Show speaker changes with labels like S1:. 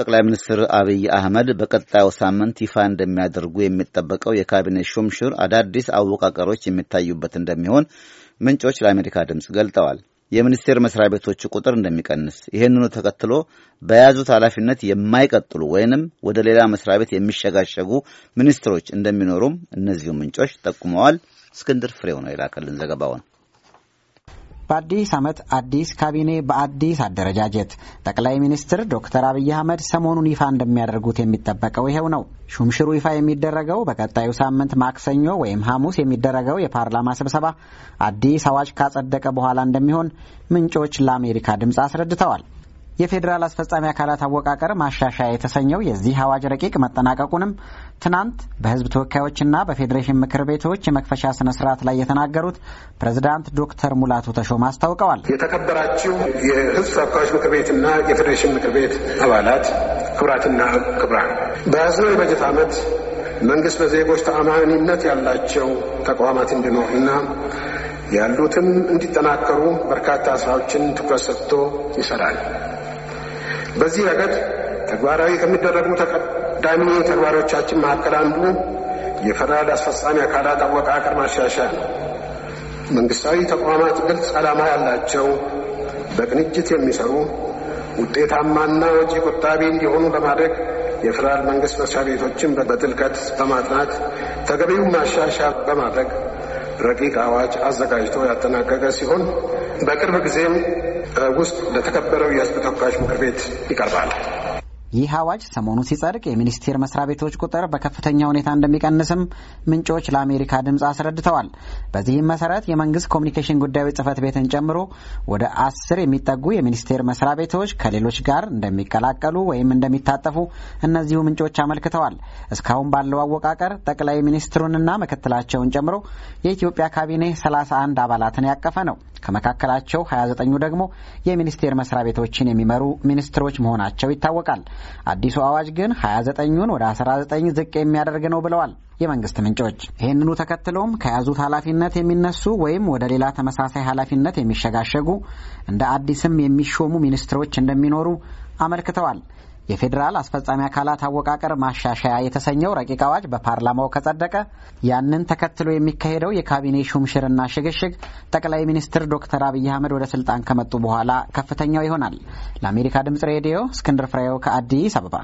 S1: ጠቅላይ ሚኒስትር አብይ አህመድ በቀጣዩ ሳምንት ይፋ እንደሚያደርጉ የሚጠበቀው የካቢኔ ሹምሽር አዳዲስ አወቃቀሮች የሚታዩበት እንደሚሆን ምንጮች ለአሜሪካ ድምፅ ገልጠዋል። የሚኒስቴር መስሪያ ቤቶቹ ቁጥር እንደሚቀንስ፣ ይህንኑ ተከትሎ በያዙት ኃላፊነት የማይቀጥሉ ወይንም ወደ ሌላ መስሪያ ቤት የሚሸጋሸጉ ሚኒስትሮች እንደሚኖሩም እነዚሁ ምንጮች ጠቁመዋል። እስክንድር ፍሬው ነው የላከልን ዘገባውን።
S2: በአዲስ ዓመት አዲስ ካቢኔ በአዲስ አደረጃጀት ጠቅላይ ሚኒስትር ዶክተር አብይ አህመድ ሰሞኑን ይፋ እንደሚያደርጉት የሚጠበቀው ይኸው ነው። ሹምሽሩ ይፋ የሚደረገው በቀጣዩ ሳምንት ማክሰኞ ወይም ሐሙስ የሚደረገው የፓርላማ ስብሰባ አዲስ አዋጅ ካጸደቀ በኋላ እንደሚሆን ምንጮች ለአሜሪካ ድምፅ አስረድተዋል። የፌዴራል አስፈጻሚ አካላት አወቃቀር ማሻሻያ የተሰኘው የዚህ አዋጅ ረቂቅ መጠናቀቁንም ትናንት በህዝብ ተወካዮችና በፌዴሬሽን ምክር ቤቶች የመክፈቻ ስነ ስርዓት ላይ የተናገሩት ፕሬዝዳንት ዶክተር ሙላቱ ተሾም አስታውቀዋል።
S3: የተከበራችሁ የህዝብ ተወካዮች ምክር ቤትና የፌዴሬሽን ምክር ቤት አባላት ክብራትና ክብራን በያዝነው የበጀት ዓመት መንግስት በዜጎች ተአማኒነት ያላቸው ተቋማት እንዲኖርና ያሉትም እንዲጠናከሩ በርካታ ስራዎችን ትኩረት ሰጥቶ ይሰራል። በዚህ ረገድ ተግባራዊ ከሚደረጉ ተቀዳሚ ተግባሮቻችን መካከል አንዱ የፌዴራል አስፈጻሚ አካላት አወቃቀር ማሻሻያ ነው። መንግስታዊ ተቋማት ግልጽ ዓላማ ያላቸው፣ በቅንጅት የሚሰሩ ውጤታማና ወጪ ቆጣቢ እንዲሆኑ ለማድረግ የፌዴራል መንግስት መስሪያ ቤቶችን በጥልቀት በማጥናት ተገቢውን ማሻሻያ በማድረግ ረቂቅ አዋጅ አዘጋጅቶ ያጠናቀቀ ሲሆን በቅርብ ጊዜም ውስጥ ለተከበረው የሕዝብ ተወካዮች ምክር ቤት ይቀርባል።
S2: ይህ አዋጅ ሰሞኑ ሲጸድቅ የሚኒስቴር መስሪያ ቤቶች ቁጥር በከፍተኛ ሁኔታ እንደሚቀንስም ምንጮች ለአሜሪካ ድምፅ አስረድተዋል። በዚህም መሰረት የመንግስት ኮሚኒኬሽን ጉዳዮች ጽህፈት ቤትን ጨምሮ ወደ አስር የሚጠጉ የሚኒስቴር መስሪያ ቤቶች ከሌሎች ጋር እንደሚቀላቀሉ ወይም እንደሚታጠፉ እነዚሁ ምንጮች አመልክተዋል። እስካሁን ባለው አወቃቀር ጠቅላይ ሚኒስትሩንና ምክትላቸውን ጨምሮ የኢትዮጵያ ካቢኔ 31 አባላትን ያቀፈ ነው። ከመካከላቸው 29ኙ ደግሞ የሚኒስቴር መስሪያ ቤቶችን የሚመሩ ሚኒስትሮች መሆናቸው ይታወቃል። አዲሱ አዋጅ ግን 29ኙን ወደ 19 ዝቅ የሚያደርግ ነው ብለዋል የመንግስት ምንጮች። ይህንኑ ተከትሎም ከያዙት ኃላፊነት የሚነሱ ወይም ወደ ሌላ ተመሳሳይ ኃላፊነት የሚሸጋሸጉ እንደ አዲስም የሚሾሙ ሚኒስትሮች እንደሚኖሩ አመልክተዋል። የፌዴራል አስፈጻሚ አካላት አወቃቀር ማሻሻያ የተሰኘው ረቂቅ አዋጅ በፓርላማው ከጸደቀ ያንን ተከትሎ የሚካሄደው የካቢኔ ሹምሽርና ሽግሽግ ጠቅላይ ሚኒስትር ዶክተር አብይ አህመድ ወደ ስልጣን ከመጡ በኋላ ከፍተኛው ይሆናል። ለአሜሪካ ድምጽ ሬዲዮ እስክንድር ፍሬው ከአዲስ አበባ